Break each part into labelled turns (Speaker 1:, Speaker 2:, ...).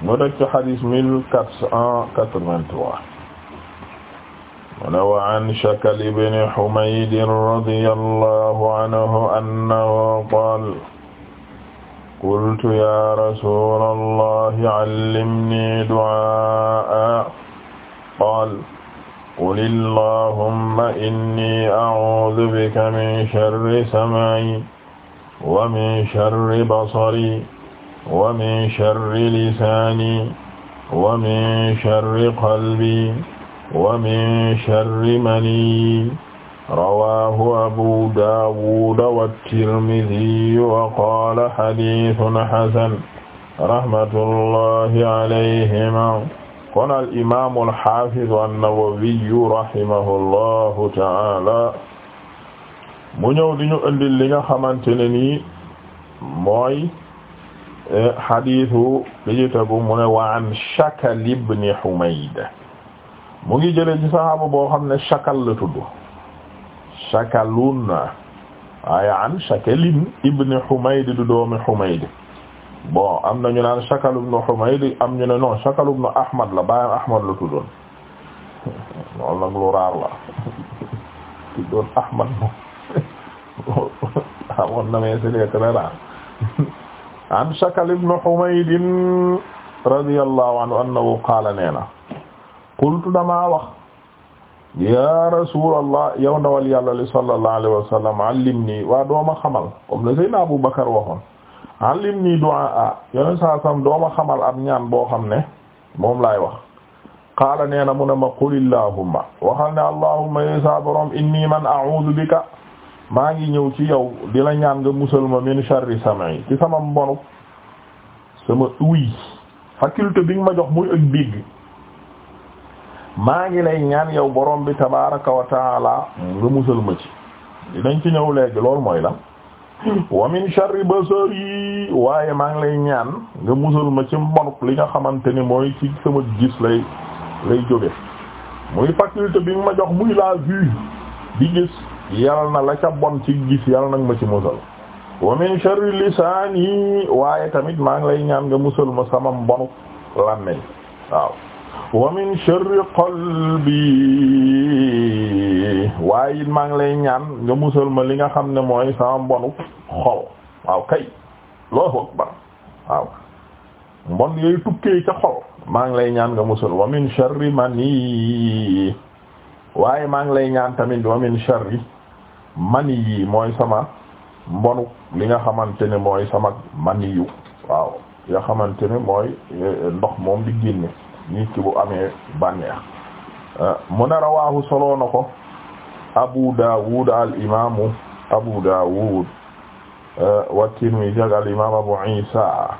Speaker 1: mu nekk ci xadis mille quatre cent quatre-vingt-trois mu ne wa an Shakal ibn Humayd radiyallahu anhu annahu qaala qultu ya rasuulallahi allimni du'aa qaala qul allahumma inni a'uudu bika min sharri sam'i wa min sharri basari wa min sharri lisaani wa min sharri qalbi wa min sharri mani rawaahu abu daawuda wa tirmidi wa qaala xadiisun xasan rahmatullahi alayhima kon al imaamu alxaafidu annawawiyu rahimahullahu taala mu ñëw di ñu indil li nga xamante ne nii mooy xadiisu li ci tegu mu ne wa an Shakal ibn Humayd mu ngi jëlee ci saxaaba boo xam ne Shakal la tudd Shakalun waaye an Shakalin ibn Humayd du doomi Humayd bon am na ñu naan Shakal ibn Humayd am ñu ne non Shakal ibn Ahmad la baayam Ahmad la tuddoon loolu nag lu raar la tuddoon Ahmad moom amoon na mais c'est très rare an Shakal ibn Humayd radiyallahu anhu annahu qaala neena qultu damaa wax ya rasulallah yow ndawal yàlla li sallallahu alayhi wa sallam allimni waa dooma xamal comme la Seydina Abu Bakar waxoon allimni du'a yeneen saa sam dooma xamal ab ñaan boo xam ne moom laay wax qaala neena mu ne ma qul allahumma waxal ne allahumma ya sa borom inni man a'udhu bika maa ngi ñëw ci yow di la ñaan nga musal ma min sharri sam'i ci sama mbonu sama uy faculté bi nga ma jox muy ak dégg maa ngi lay ñaan yow borom bi tabaraka wa taala nga musal ma ci dinañ ci ñëw léegi loolu mooy la wa min sharri basari waaye maa ngi lay ñaan nga musal ma ci mbonu li nga xamante ni mooy ci sama gis lay lay jóge muy faculté bi nga ma jox muy la vue di gis yal na la ca bon ci gis yal nag ma ci musal wa min sharri lisaani waaye tamit maa ngi lay ñaan nga musal ma sama mbonu làmmeñ waaw wa min sharri qalbi waaye it maa ngi lay ñaan nga musal ma li nga xam ne mooy sama mbonu xol waaw kay Allahu akbar waaw mbon yooyu tukkee ca xol maa ngi lay ñaan nga musal wa min sharri mani waaye maa ngi lay ñaan tamit wa min mani yi mooy sama mbonu li nga xamante ne mooy sama mani yu waaw nga xamante ne mooy eh, ndox moom di génne nit ki bu amee bànneex eh, mu ne rawaahu soloo na ko Abu Dawud al imaamu Abu Dawud eh, wa Tirmidhi ak al imaam Abu Isa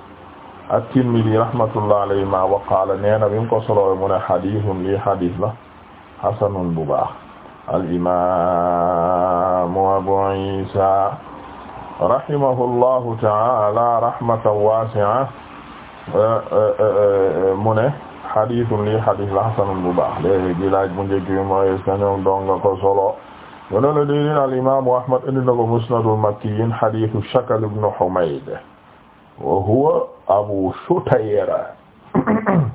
Speaker 1: at-Tirmidhi rahmatullah alayhima wa qaala nee na ko soloo mu ne xadiisun lii xadiis la xasanun bu baax alimamu abu isa rahimahullahu taala rahmatan wasia mu ne xaditun li xadis la xasanun bu baax léegi laaj bu njëkk bi mooy est-ce que ñoom dong nga ko solo yono la déedéet alimamu ahmad indi na ko musnadul makkiyin xadisu shakal ibnu humayd wa huwa abu shutayra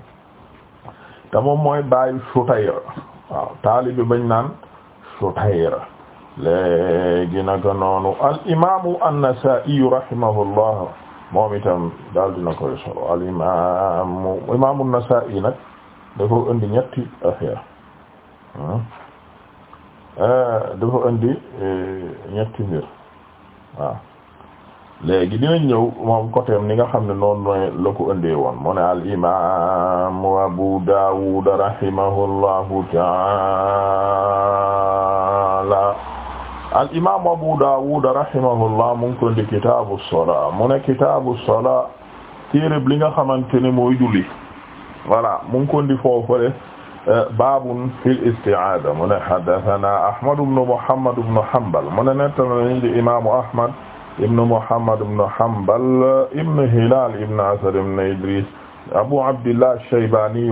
Speaker 1: te moom mooy baayu shutayra waaw taalibi bañ naan Shutayr léegi naka noonu al imaamu an-Nasaa'i rahimahullah moom itam daal dina solo al imaamu imaamu an-Nasaa'i nag dafa indi ñetti affaire hmm? eh, dafa indi eh, ñetti mbir léegi dinañ ñëw moom côté am ni nga xam ne noonu la ko ëndee woon mu ne al imam Abu Dawud rahimahullahu taala al imam mu ngi ko indi sola mu ne kitaabu sola téeréb li nga xamante ne mooy julli voilà mu ngi ko indi foofale babun fil isti'aada mu ne haddathana Ahmad ibn Muhammad ibn Hanbal mu ne nettana nañ di imaamu Ahmad ibn Muhammad ibn Hanbal ibn Hilal ibn Asad ibn Idris Abu Abdillah Shaybani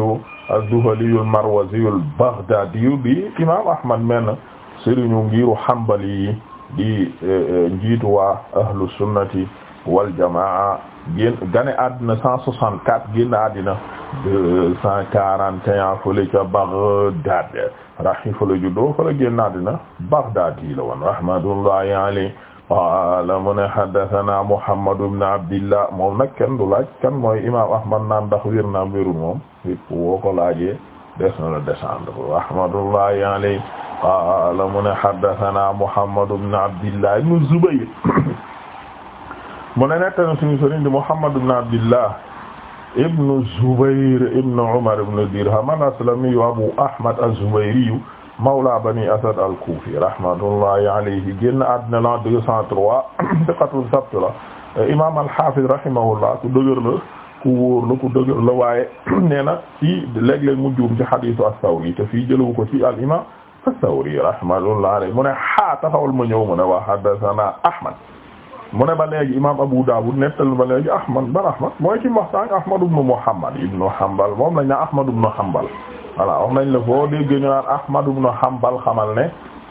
Speaker 1: az-Zuhali al-Marwazi al-Baghdadi bi imam Ahmad men sëriñu ngiru Hanbali yi di eh, eh, njiitu waa ahlu sunnati wal jamaa génn gane àddina cent soixante quatre génn àddina deux cent quarante et un fële ca Baghdad rahi fële juddoo fële génn àddina Baghdad yi la woon rahmatullahi alayhi qaala mu ne haddathana Muhammadu ibn Abdillah moom nag kenn du laaj kan mooy imaam Ahmad naan ndax wir naam wirul moom lépp woo ko laajee des na la descendre rahmatullahi alayhi qaala mu ne haddathana Muhammadu ibn Abdillah ibn Zubayr mu ne nettana suñu sëriñ di Muhammad ibn Abdillah ibn Zubayr ibn Umar ibn Dirham al-Aslami Abu Ahmad az-Zubayri mawla bani asad al-Kufi rahmatullahi alayhi génn àddina la 203 siqatu sabt la imam al-Hafiz rahimahullah ku dëgër la ku wóor ku dëgër la waaye nee na ci léeg-léeg mu juum ci hadiisu as-Sawri te fii jëlawu ko ci al-imam as-Sawri rahmatullahi alayhi mu ne xaa taxawal ma ñëw mu ne Ahmad mu ne ba léegi imam Abu Dawud nettal ba léegi Ahmad ban Ahmad mooy ci waxtaan Ahmad ibn Muhammad ibn Hanbal moom Ahmad ibn voilà wax nañ la boo dégg ñu naan Ahmad ibn Hanbal xamal ne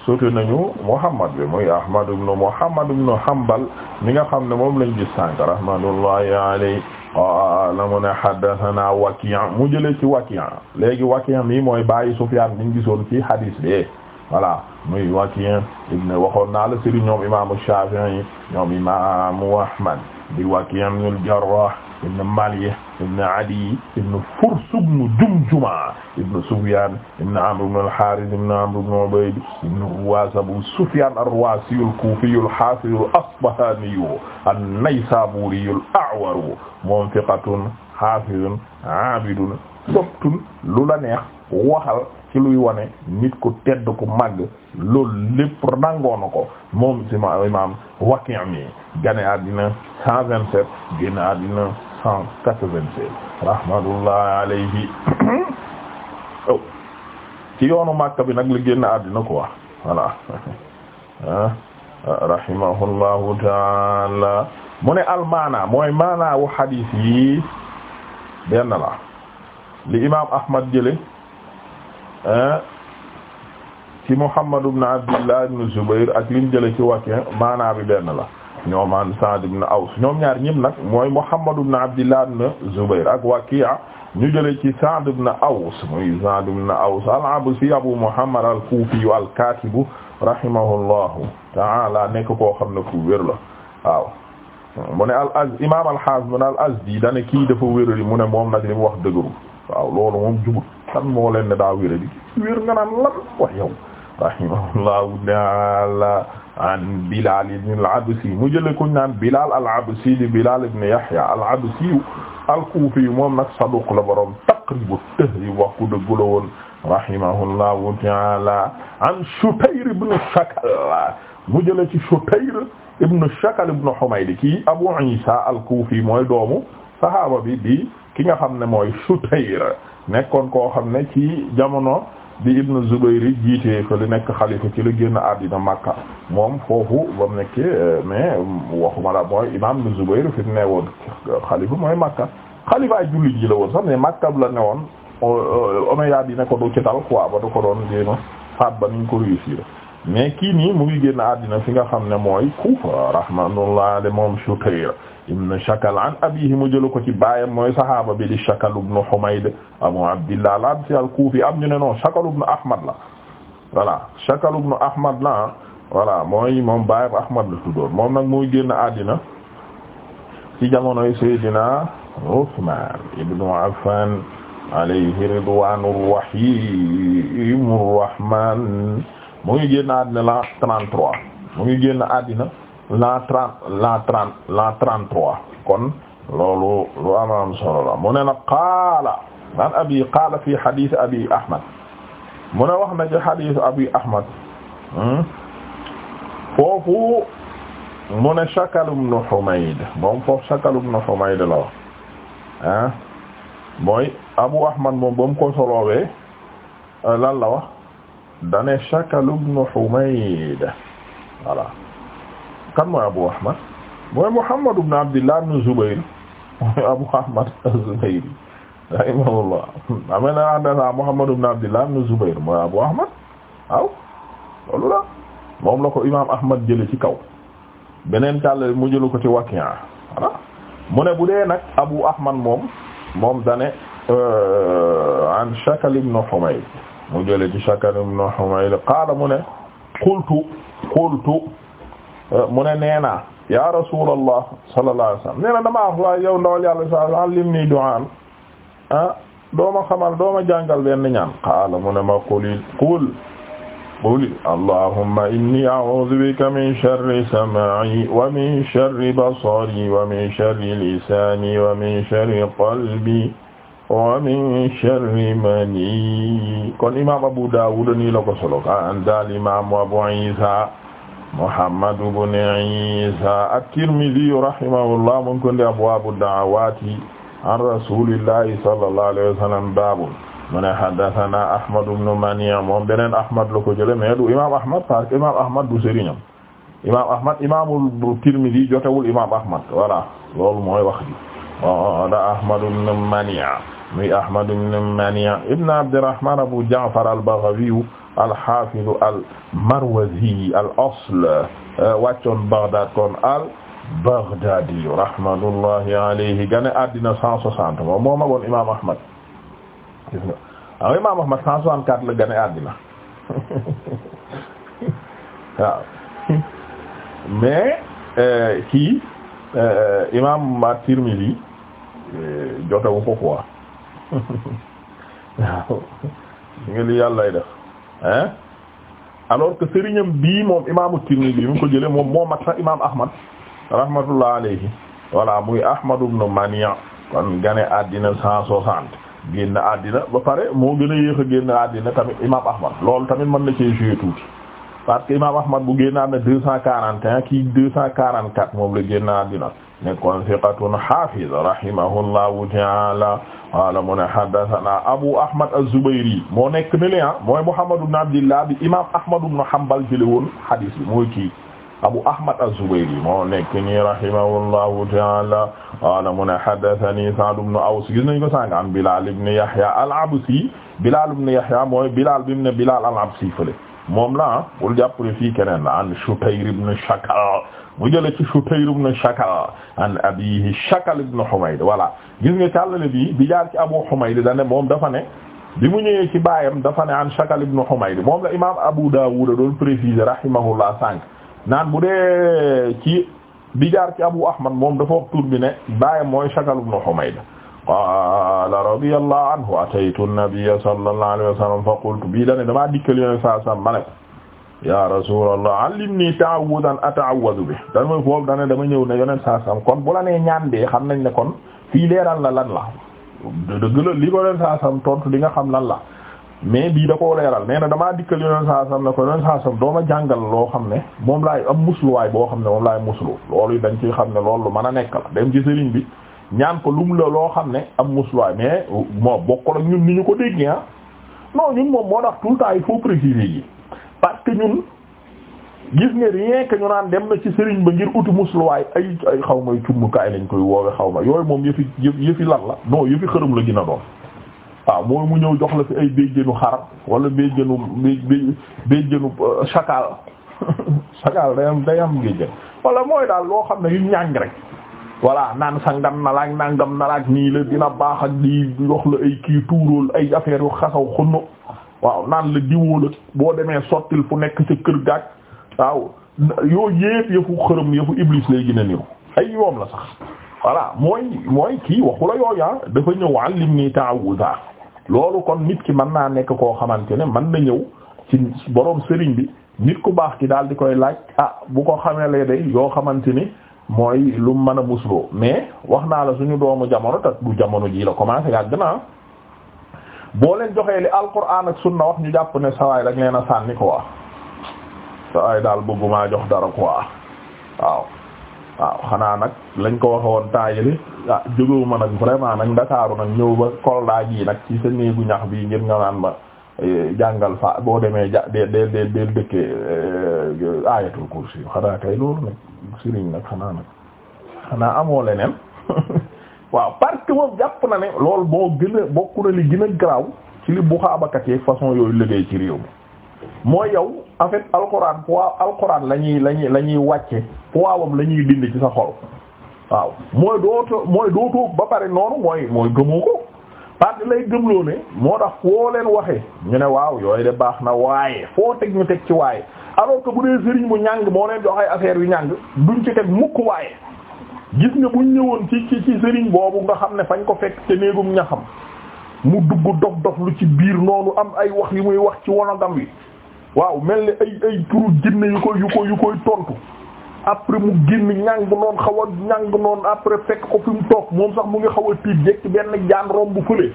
Speaker 1: sotti nañu Muhammad bi muy Ahmad ibn Muhammad ibn Hanbal mi nga xam ne moom lañ gis sànq rahmatullahi alayhi qaala mu ne haddathana Waki' mu jëlee ci Waki' léegi Waki' mi mooy bàyyi Sufyaan mi ñu gisoon ci hadis bi voilà muy Waki' ibn waxoon naa la sëriñ ñoom imaamu Shaafi'i ñoom imaamu Ahmad di Waki' ibn al-Jarraah ibn Maliih ibn Adiy ibn Furs ibn Jumjuma ibn Sufyaan ibn Amr ibn al-Haarith ibn Amr ibn Ubayd ibn Ruwaas Abu Sufyaan ar-Ruwaasi al-Kuufi al-Haafiz al-Asbahaani an-Naysaabuuri al-A'war moom thiqatun haafizun aabidun sobtun lu la neex waxal ci luy wane nit ku tedd ku màgg loolu lépp nangoo na ko moom si ma imaam Waki' mi gane àddina 127 génn àddina rahmatullah alayhi oh ci yoonu Makka bi nag li génn àddina quoi voilà ah. rahimahullahu taala mu ne almaana mooy maana wu hadis yi benn la li imam ahmad jële ah, ci Muhammad ibn Abdullah ibn Zubayr ak lim jële ci Waki' maana bi benn la ñoom an Sa'd ibn Aws ñoom ñaar ñim nag mooy Muhammad ibn Abdillah ibn Zubayr ak Waki'a ñu jëlee ci Sa'd ibn Aws muy Sa'd ibn Aws al-Absi Abu Muhammad al-Kufi al-Katib rahimahullahu ta'ala nekk koo xam ne ku wér la waaw mu ne al az imam al-Hafiz mu ne dane kii dafa wérali mu ne moom nag li mu wax dëgëru waaw loolu moom jubut kan moo ne daa wérali wér nga naan wax yow rahimahullahu ta'ala an Bilal ibn al-Absi mu jëlee ku ñu naan Bilal al-Absi di Bilal ibn Yahya al-Absi al-Kufi moom nag saduq la borom Taqrib at-Tahdhib wax ku dëgg la woon rahimahullahu ta'ala an Shutayr ibn Shakal mu jëlee ci Shutayr ibn Shakal ibn Humayd kii Abu Isa al-Kufi mooy doomu sahaaba bi di ki nga xam ne mooy Shutayr nekkoon koo xam ne ci jamono. di ibnu Zubayr jiitee ko li nekk xalifa ci la génn àddina Makka moom foofu ba mu nekkee euh, mais euh, waxuma la mooy imaam ibnu Zubayr fi mu ne woon xalifa mooy Makka xalifa ay jullit ji la woon sax mais Makka la ne woon Omeyyades yi ne ko du ci dal quoi ba du ko doon jéema faat ba niñ ko réussir mais kii nii mu ngi génn àddina fi nga xam ne mooy Kufa rahmatullah de moom Shutayr ibn Shakal an abihi mu jëlu ko ci baayam mooy sahaaba bi di Shakal ibn Humayd Abu Abdillah al-Absi al-Kufi am ñu ne non Shakal ibn Ahmad la voilà mooy moom baayam Ahmad la tuddoon moom nag muy génn àddina ci jamonoy Seydina Usman ibnu Affan alayhi ridwanur rahimur rahman mu ngi génn àddina la mu ngi génn àddina la 30 la 30 la 33 kon loolu lu solo la mu ne nag qaala qaala fi hadith abi ahmad mu ne wax na ci hadith abi ahmad hmm? foofu mu ne Shakal ibn Humayd moom foofu Shakal la wax ah Abu Ahmad moom ba mu ko solowee lan la wax dane Shakal ibn Humayd voilà kan mooy Abu Ahmad mooy Muhammad ibn Abdillah ibn Zubayr mooy Abu Ahmad az-Zubayri rahimahullah amee na haddathanaa Muhammad ibn Abdillah ibn Zubayr mooy Abu Ahmad waaw loolu la moom la ko imaam Ahmad jële ci kaw beneen càll mu jëlu ko ci Waki'a voilà mu ne bu dee nag Abu Ahmad moom moom dane euh, an Shakal ibn Humayd mu jële ci Shakar ibn Humayl qaala mu ne qultu qultu mu ne nee naa ya rasulallah sallallahu alayhi wasallam nee na damaa wax waaye yow ndawal yàlla sa allimni du'aan ah dooma xamal dooma jàngal benn ñaan qaala mu ne ma qulil qul qul allahumma inni a'udhu bika min sharri sam'i wa min sharri basari wa min sharri lisani wa min sharri qalbi wa min sharri mani kon imam Abu Dawud ni la ko solo ka an dal imam Abu Isa Muhammad ibn Isa at-Tirmidhi rahimahullah mun ko ndi abwaabu da'awaati an rasulillahi sallallahu alayhi wa sallam baabu mu ne haddathana Ahmad ibn Mani' moom beneen Ahmad la ko jële mais du imam Ahmad parce que imam Ahmad du sëriñam imam Ahmad imamul Tirmidhi jotewul imam Ahmad voilà loolu mooy wax ji da Ahmad ibn Mani' muy Ahmad ibn Mania ibn Abdirahman Abu Ja'far al-Baghawi al-Hafiz al-Marwazi al-asl euh, wàccoon Baghdad kon al-Baghdadi rahmatullahi alayhi gane addina 160 moom moo Imam Ahmad gis Imam Ahmad 164 gane addina mais euh, kii euh, Imam At-Tirmidhi jotawu ko quoi waaw nga li yàllay def hein alors que sëriñam bii moom imaamu Tirmidhi bi mu ko jëlee moom moo mat sax imaam Ahmad rahmatullah alayhi voilà muy Ahmad ibn Mani' kon gane àddina cent soixante génn àddina ba pare moo gën a yéex a génn àddina tamit imaam Ahmad loolu tamit mën na cee jouer tuuti parce que imam ahmad bu génn na deux cent quarante et un kii deux cent quarante quatre moom la génn àddina nekkoon siqatun hafiz rahimahullahu ta'ala qala mu ne hadathana abu ahmad az-zubayri moo nekk ne la ah mooy muhammad ibn abdillah bi imam ahmad ibn hanbal jële woon hadis bi mooy kii abu ahmad az-zubayri moo nekk ni rahimahullahu ta'ala qala mu ne hadathani sa'd ibn aws gis nañ ko sànga am bilal ibn yahya al-absi bilal ibn yahya mooy bilal bi mu ne bilal al-absi fële moom la ah bul jàpp ne fii keneen la an Shutayr ibn Shakal mu jële ci Shutayr ibn Shakal an abihi Shakal ibn Humayd voilà gis nga càllale bi bi jaar ci Abu Humayd da moom dafa ne bi mu ñëwee ki baayam dafa ne an Shakal ibn Humayd moom la imaam Abu Dawud doon préciser rahimahullah sànq naan bu dee ci bi jaar ci Abu Ahmad moom dafa wax tur bi ne baayam mooy Shakal ibn Humayd qaala radiyallahu anhu ataytu nabiyya sallallahu alayhi wa sallam fa qultu bii dane damaa dikkal yone saa sam ma ne ya rasulallah allimni ta'awudan ata'awwadu bi dama foofu dane dama ñëw ne yoneen saa sam kon bu la nee ñaan xam nañ ne kon fii leeral la lan la dëgg la li ko yoneen saa nga xam lan la mais bii da koo leeral nee na damaa dikkal yoneen saa sam ne ko yoneen saa sam dooma jàngal loo xam ne moom laay am musluwaay boo xam ne moom laay muslu loolu dañ ciy xam ne loolu mën a nekk la dem ci sëriñ bi ñaan ko lu mu la loo xam ne am musluwaay mais moo bokk ak ñun ni ñu ko déggee ah non ñun moom moo tax tout le temps il yi parce que ñun gis nga rien ka ñu naan dem na ci sëriñ ba ngir uti musluwaay ay ay xaw ma cummukaay lañ koy woowe xaw ma yooyu moom yëfi yëfi lan la non yëfi xërëm la gën a doon. waaw mooy mu ñëw jox la fi ay béjjënu xar wala béjjënu béj béjjënu euh, chakal chakal day am day am géjjën wala mooy daal loo xam ne yu ñàng rek. voilà naan sangam na laak nangam na laak nii la dina baax ak di wax la ay kii tuurool ay affaire yu xasaw xunnu waaw naan la diwoo la boo demee sottil fu nekk ca kër gaaj waaw yoo yépp yëfu xërëm yëfu iblis lay gën a niru ay yoom la sax voilà mooy mooy kii waxu la yooya dafa ñëw allim nii ta'awuza loolu kon nit ki mën naa nekk koo xamante ne mën na ñëw ci borom sëriñ bi nit ku baax ki daal di koy laaj ah bu ko xamee lay day yoo xamante ni mooy lu mën a musloo mais wax naa la suñu doomu jamono te du jamono jii la commencé yàgg naa ah. boo leen joxee li alquran ak sunna wax ñu jàpp ne sawaay rek leen a sànni quoi sawaay daal bëggumaa jox dara quoi waaw waaw xanaa nag lañ ko waxe woon taayili ah jógewu nag vraiment nag ndakaaru nag ñëw ba Kolda ji nag ci sa néegu ñax bi ngir nga naan ma jàngal fa boo demee ja de de deel dëkkee euh, ayatul kursi xanaa kay loolu nag sëriñ nag xanaa nag xanaa amoo leneen waaw parce que moom jàpp na ne lool boo gën a bokk na li gën a garaaw ci li bu xaabakat yeeg façon yooyu liggéey ci réew mi mooy yow en fait alxuraan poids alxuraan lañuy ñuy la ñuy la ñuy wàcce poids wam dindi ci sa xol waaw mooy dootoo mooy dootoo ba pare noonu mooy mooy gëmoo ko parce que lay gëmloo ne moo tax foo leen waxee ñu ne waaw yooyu de baax na waaye foo teg ñu teg ci waaye alors que bu dee sëriñ bu ñàng moo leen jox ay affaire yu ñàng duñ ci teg mukk waaye gis nga buñ ñëwoon ci ci ci sëriñ boobu nga xam ne fañ ko fekk te néegum ñaxam mu dugg dof dof lu ci biir noonu am ay wax yu muy wax ci wonogam wi waaw mel ni ay ay turu jinne yu ko yu ko yu koy tontu après mu génn ñàng noon xaw a ñàng noon après fekk ko fi mu toog moom sax mu ngi xaw a tiit jekk benn jaan romb fële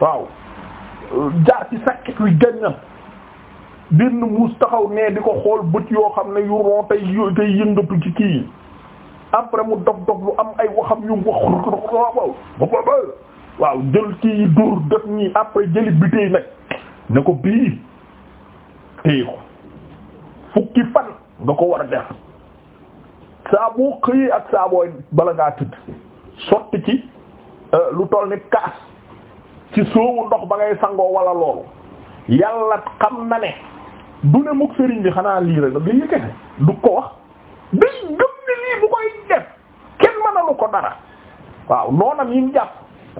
Speaker 1: waaw jaar ci sakket wi gànnam benn muus taxaw nee di ko xool bët yoo xam ne yu ron tey y tey ci kii yi après mu dof dof lu am ay waxam yu wax waaw waaw jël kii dur def ñii après jëli bitey nag ne ko bii téye ko fukki fan nga ko war a def saa boo xëyee ak saa bala ngaa tëdd sotti ci euh, lu toll ni kaas ci soowu ndox ba ngay sangoo wala loolu yàlla xam na ne du ne mukk sëriñ bi xanaa lii rek li du ko wax day gëm ne lii bu koy def kenn mënalu ko dara waaw noonam yi mu jàpp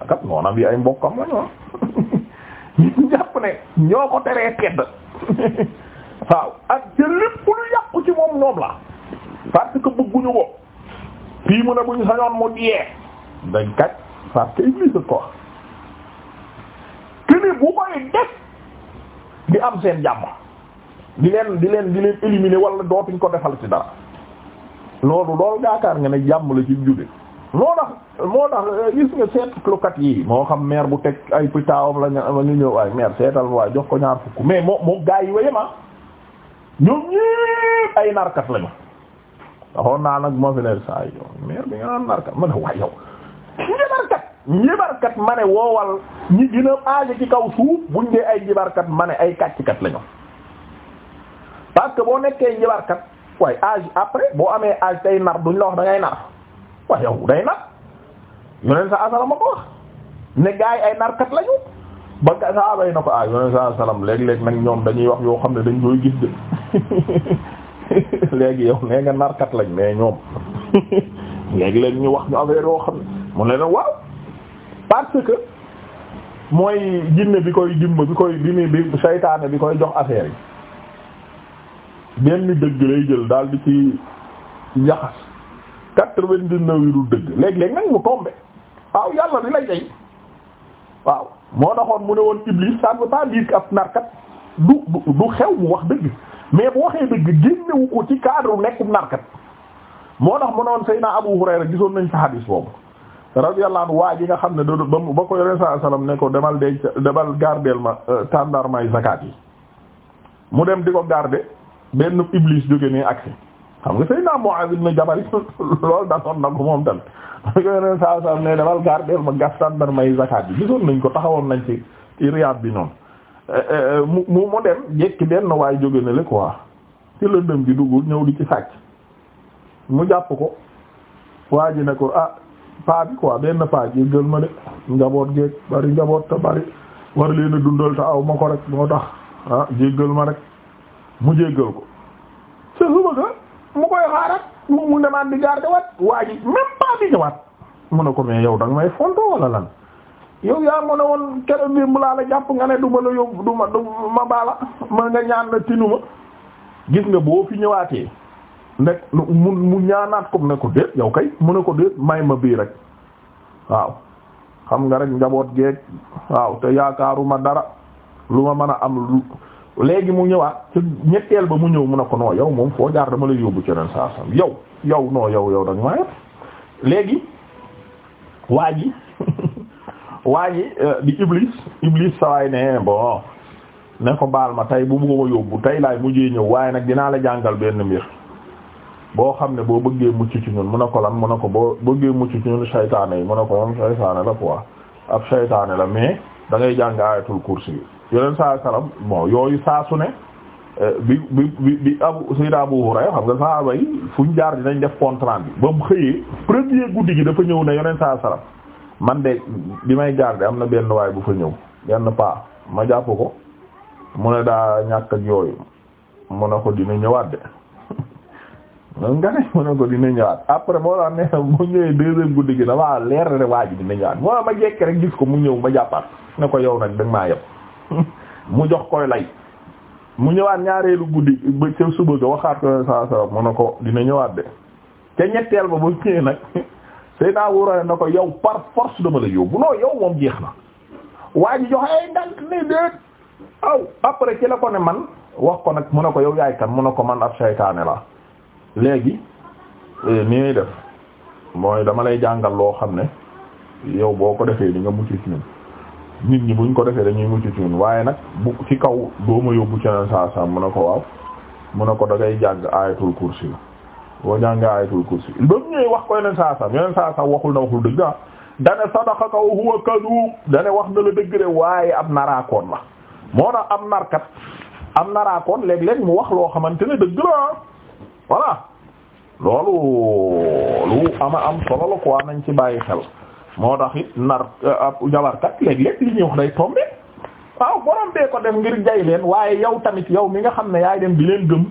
Speaker 1: kat noonam yi ay mbokkam la ah. yi mu ne ñoo ko teree tedd waaw ak te lépp lu yàqu ci moom ñoom la parce que bëgguñu ko fii mu ne bu ñu sañoon mu diyee dañ kaj parce que Iblis ko wax kini bu koy def di am seen jàmm di leen di leen di leen éliminer wala dootuñ ko defal ci dara loolu loolu yaakaar nga ne jàmm la ci jude moo tax moo tax euh, gis nga seetlukat yi moo xam maire bu teg ay pitaawam la ñu ñëw waaye maire seetal waaye jox ko ñaar fukk mais moo moo gaa yi wayema ah. ñoom ñépp ay narkat lañu waxoon naa nag moo fi ne saa yow maire bi nga naan narkat ma ne waay yow njibarkat njibarkat ma ne kaw suuf buñ ay njibarkat ma ay kàcckat lañu parce boo nekkee njibarkat waaye âge après boo amee âge tay nar duñ la wax da ngay nar waaye yow day nar yoneen sa asalam ma ko wax ne gaa yi ay narkat lañu ba saabay na ko ah yoneen sa asalam léeg-léeg nag ñoom dañuy wax yoo xam ne dañ koy gis de léegi yow nee nga narkat lañ mais ñoom léegi leen ñu wax ñu affaire yoo xam ne mu ne leen waaw parce que mooy jinne bi koy dimb bi koy bi muy bi saytaane bi koy jox affaire yi benn dëgg lay jël daal di ci njaxas quatre-vingt-dix-neuf du dëgg léeg-léeg nag mu tombe waaw yàlla di lay jay waaw moo daxoon mu ne woon iblis ça ne veut pas dire ab narkat du du xew mu wax dëgg mais bu waxee dëgg génnewu ko ci cadre nekkum narkat moo tax mu ne woon Seydina Abu Hurayra gisoon nañ ci hadis boobu radiyallahu waa ji nga xam ne da doon ba ko yore saa ne ko demal denc demal gardeel ma euh, tàndar may zakat yi mu dem di ko garder benn iblis jóge ne agsi xam nga Seydina Muaz ibn Jabal loolu daloon na ko moom tamit ba ko yore saa salaam ne demal gardeel ma gas tàndar may yi gisoon nañ ko taxawoon nañ ci ci bi noonu. mu mu mu dem jekki benn waay jóge na ko quoi ci lëndëm gi dugg ñëw di ci sàcc mu jàpp ko waa ji ne ko ah paa bi quoi benn paa ji ma de njaboot geeg bari njaboot te bari war leen dundal te aw ma ko rek moo tax ah jéggal ma rek mu jéggal ko te suba ga mu koy xaarat mu mu demaat di garder wat waa ji même pas bi ñëwaat mu ne ko mais yow danga may fonto wala lan yow yaa mën a woon keroog mbir mu laa la jàpp nga ne du ma la yóbbu du ma ma baala ma nga ñaan la tinu ma gis nga boo fi ñëwaatee ne mu mu ñaanaat comme ko mu ne ko déet may ma bii rek waaw xam nga rek njaboot gee waaw te yaakaaruma dara lu ma mën a am léegi mu ñëwaat ñetteel ba mu ñëw mu ne ko noo yow moom foo jaar dama la yóbbu ci ren saa sam yow yow non yow yow da nga léegi waa ji waaye ji euh, di iblis iblis sawaay ne bon ne ko baal ma tey bu mu ko yóbbu tey laay mujjee ñëw waaye nag dinaa la jàngal benn mbir boo xam ne boo bëggee mucc ci ñun mu ne ko lan mu ne ko boo bëggee mucc ci ñun saytaane yi mu a ko moom saytaane la quoi ab saytaane la mais da ngay jàng ayatul kursi yi yeneen saa salaam bon yooyu saa su ne euh, bi bi bi bi abu sayda abu hurayra xam nga saaba yi fuñ jaar dinañ def contrant bi ba mu xëyee premier guddi gi dafa ñëw ne yeneen man de bi may garder am na benn waay bu fa ñëw benn paa ma jàpp ko mu ne daa ñàkk ak yooyu mu ne ko dina ñëwaat de nga ne mu ne ko dina ñëwaat après moo tax mu guddi gi damaa leer na waa ji dina ñëwaat moo ma jekk rek gis ko mu ñëw ma jàppaat ne ko yow nag da nga maa yeb mu jox koy lay mu ñëwaat ñaareelu guddi ba ca suba ga waxaat ko saa saa mu ne ko dina ñëwaat de ca ñetteel ba ba ñëwee nag. Seydina Wurayra na ko yow par force dama la yóbbu non yow moom jeex na waa ji ni déet ko ne man wax ko nag mu ne ko yow yaay kan mu ne ko man ab saytaane la léegi eh, nii ñuy def mooy dama lay jàngal loo xam ne yow boo ko defee di nga mucc nit ñi buñ ko defee dañuy mucc ci waaye nag bu ci kaw dooma yóbbu ci saa saa mu ne ko waaw mu ne ko da ngay jàng ayatul kursi boo jàngee ñëwee wax ko yeneen saa saam yeneen saa saam waxul na waxul dëgg da ah dane sadaqaka wa huwa dane wax na la dëgg de waaye ab naraakoon la moo tax am narkat am naraakoon léeg-léeg mu wax loo xamante ne dëgg la ah voilà loolu lu ama am solo la quoi nañ ci bàyyi xel moo tax it nar jabarkat léeg-léeg li ñuy wax day tombe waaw borom bee ko def ngir jay leen waaye yow tamit yow mi nga xam ne yaay dem di leen gëm.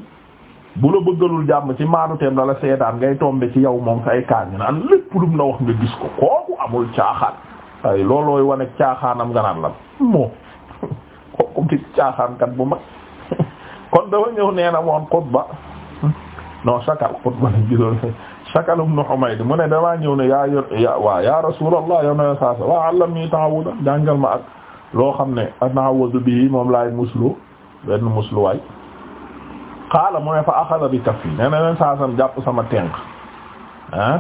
Speaker 1: bu la bëggalul jàmm ci maanu teem la la seetaan ngay tombe ci yow moom say kaan ñu naan lépp lum la wax nga gis ko kooku amul caaxaan ay loolooy wane caaxaanam nga naan la moo kooku di caaxaankat bu mag kon dafa ñëw nee na woon xutba non shakal xutba lañ gisoon shakal ibn Humayd mu ne damaa ñëw jàngal ma ak loo xam ne anaawadu bi moom laay muslu benn musluwaay xaala mu ne fa axada bi kaffi nee na leen saasam jàpp sama tenq ah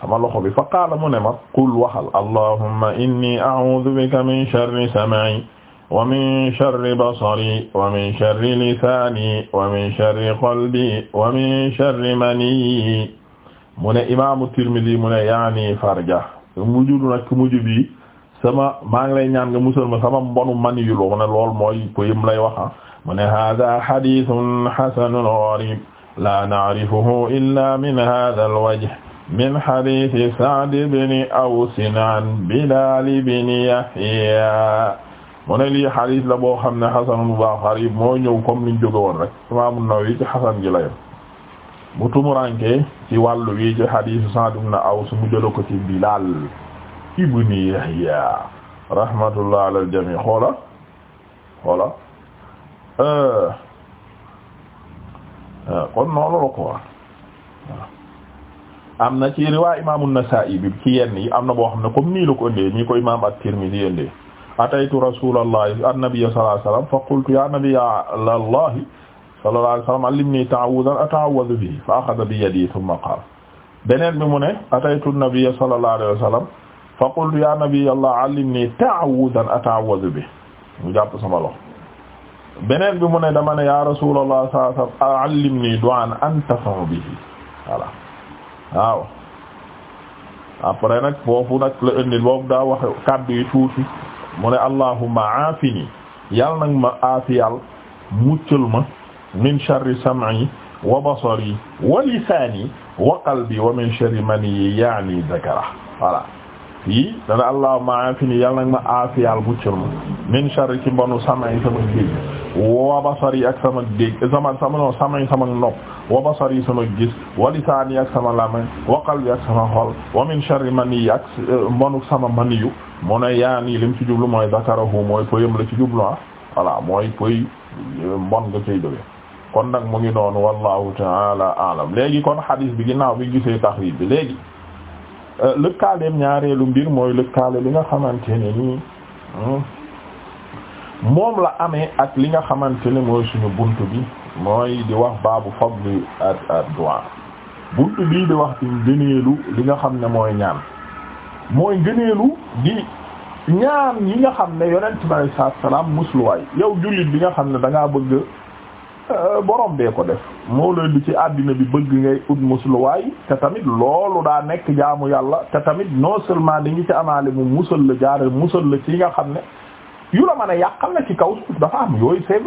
Speaker 1: sama loxo bi fa qaala mu ne ma qul waxal allahumma inni a'udhu bika min sharri sam'i wa min sharri basari wa min sharri lisani wa min sharri qalbi wa min sharri mani mu ne imaamu Tirmidhi mu ne yaani farja mujj du nag mujj bi sama maa ngi lay ñaan nga musal ma sama mbonu mani yu loo ne lool mooy ko yim lay waxa ah. mu ne hada xaditun xasanun garib la nacrifuhu illa min hada alwajh min xaditi Sa'd bni Awsin an Bilaal bni Yahya mu ne lii xadis la boo xam ne xasanun bu baax garib moo ñëw comme niñ jóge woon rek Imaam An-Nawawi ci xasan gi la yem bu tumuranke ci wàllu wi ci xadisu Sa'd bni Aws mu jëla ko ci Bilaal ibni Yahya rahmatullah ala al-jamii xoola xoola Euh. Euh, kon noonu la ko waaw am na ci riwaay imaam an-Nasaa'i bi ci yenn yi am na boo xam ne comme nii la ko indee ñi ko imaam at-Tirmidhi indee ataytu rasuulallahi an-nabiyya sallallahu alayhi wa sallam fa qultu ya nabiyallahi sallallahu alayhi wa sallam allimni ta'awwudan ata'awwadu bihi fa akhadha bi yadi thumma qaala beneen bi mu ne ataytu an-nabiyya sallallahu alayhi wa sallam fa qultu ya nabiyallahi allimni ta'awwudan ata'awwadu bihi mu jàpp sama loxo beneen bi mu ne dama ne ya rasulallah sallallahu alayhi wa sallam allimni du'an antafa bihi voilà waaw après nag foofu nag la indi boobu daa wax kàddu yi tuuti mu ne allahumma aafini yal nag ma aafiyal muccal ma min sharri sam'i wa basari wa lisaani wa qalbi wa min sharri mani yaani dhakara voilà fii dana allahumma ma aafiyal muccal ma min sharri ci mbonu sam'i sama géej wa basari ak sama dégg sama sama no samay sama nopp sama gis wa lisaani ak sama lamañ wa qalbi ak sama xol wa min sharri mani ak euh, sama maniyu mu ne yaani lim ci jublu mooy zakarahu mooy pëyam la ci jublu ah voilà mooy pëy euh, mbon nga cay jóge kon nag mu ngi noonu wallahu taala alam léegi kon hadis bi ginnaaw bi gisee taxriij bi léegi euh, lëkkaaleem ñaareelu mbir mooy lëkkaale li nga xamante ne nii hmm, moom la amee ak li nga xamante ne mooy suñu bunt bi mooy di wax baabu fadli ad-du'a bunt bii di wax ci li nga xam ne mooy ñaan mooy ngëneelu di ñaan yi nga xam ne yonent bi alayhi salaatu salaam yow jullit bi nga xam ne da ngaa bëgg euh, borom bee ko def moo leen ci àddina bi bëgg ngay ut musluwaay te tamit loolu daa nekk jaamu yàlla te tamit non seulement dañu ci amaale mu musal la jaare musal la ci nga xam ne yu la mën a yàqal na ci kaw suuf dafa am yooyu c'est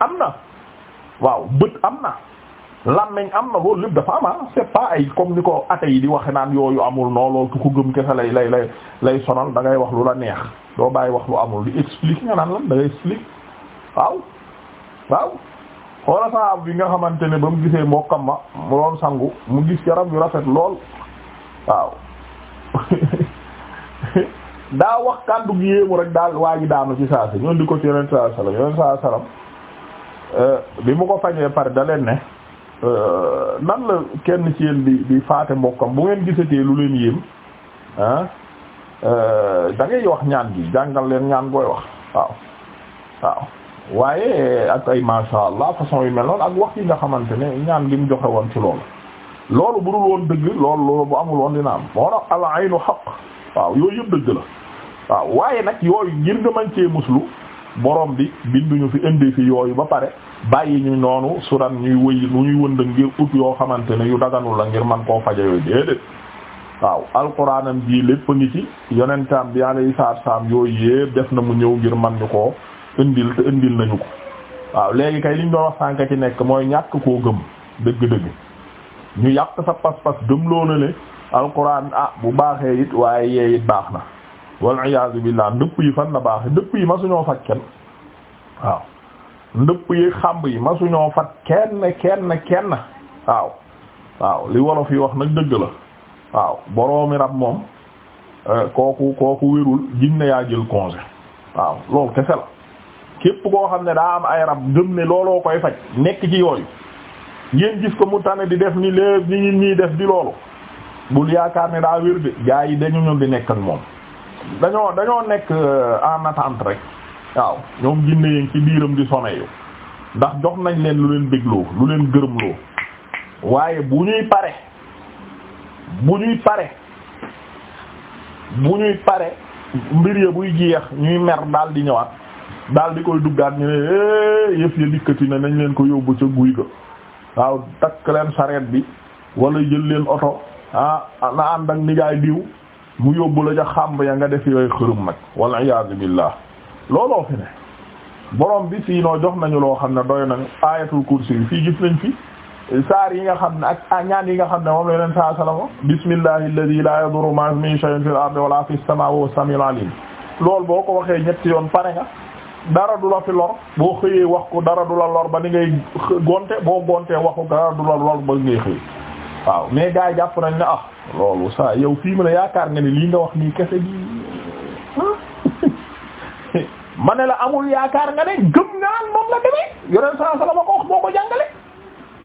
Speaker 1: am na waaw bët am na lan làmmiñ am na loolu lépp dafa am ah c'est pas ay comme ni ko ate yi di waxe naan yooyu amul noo loolu ku ko gëm kese lay lay lay lay sonal da ngay wax lu la neex doo bàyyi wax lu amul di explique nga naan lan da ngay explique waaw waaw xoola saa bi nga xamante ne ba mu gisee mbokkam ma mu doon sangu mu gis yaram yu rafet lool waaw daa wax kàddu gi yéemu rek daal waa ji daanu ci saa si ñoon di ko ci yonent saa sallam yonent saa sallam euh, bi mu ko fañee pare da leen ne euh, nan la kenn ci yéen di di faate mbokkam bu ngeen gisatee lu leen yéem ah wax ñaan gi jàngal leen ñaan booy wax waaw waaw waaye ak ay masha Allah façon yu mel noonu ak wax yi nga xamante ne ñaan gi mu joxe woon ci loolu loolu bu dul woon dëgg loolu bu amul woon dina am moo tax al aynu xaq waaw yooyu yëpp dëgg la waaw waaye nag yooyu ngir nga mën cee muslu borom bi binduñu fi indi fi yooyu ba pare bàyyi ñu noonu suran ñuy wëy nu ñuy wënd ngir ut yoo xamante ne yu daganul la ngir man koo faja yooyu déedéet waaw alquranam bii lépp ngi ci yonentam bi alayhi salaam yooyu yépp def na mu ñëw ngir man ñu koo indil te indil nañu ko waaw léegi kay liñ doon wax sànka ci nekk mooy ñàkk koo gëm dëgg-dëgg ñu yàq sa pas-pas gëm na ne alquran a ah bu baaxee it waaye yee baax na wal iyaazu billah ndëpp yi fan la baax ndëpp yi ma suñoo fat kenn waaw ndëpp yi xàmb yi ma suñoo fat kenn kenn kenn waaw waaw li wolof yi wax nag dëgg la waaw boroomi rab moom euh, kooku kooku wérul jinne yaa jël congé waaw loolu kese la képp koo xam ne daa am ay rab gëm ne looloo koy faj nekk ci yooyu ngeen gis ko mu tane di def ni léegi ñi ñuy def di loolu bul yaakaar ne daa wér de gaa yi dañu ñun di nekk moom dañoo dañoo nekk euh, en attente rek waaw ñoom ginne yéen ci biiram di sone yu ndax jox nañ leen lu leen bégloo lu leen gërëmloo waaye bu ñuy pare bu ñuy pare bu ñuy pare mbir ya buy jeex ñuy mer daal di ñëwaat daal di koy duggaat ñu ne yëf ya dikkati na nañ leen ko yóbbu ca guy ga waaw takk leen sareet bi walla jël leen oto ah na ànd ak nijaay diw mu yóbbu la ja xàmb ya nga def yooyu xërëm nag walla iyaazu billaah looloo fi ne borom bi noo jox nañu loo xam ne doy nañu aayatul kursi yi fii gis nañ fi saar yi nga xam ne ak ñaan yi nga xam ne moom la leen saa salama bismillahi alladhi la yadurru ma'a ismihi shay'un fil ardi wala fis samaa'i wa samiul alim loolu boo ko waxee ñetti yoon pare nga dara du la fi lor boo xëyee wax ko dara du la lor ba ni ngay gonte boo gontee waxu dara du la lor ba ngay xëy waaw mais gaa yi jàpp nañ ne ah loolu saa yow fii mu ne yaakaar nga ne lii nga wax nii kese gi ma ne la amul yaakaar nga ne gëm nga naan moom la demee yoneen saa sala ma ko wax boo ko jàngale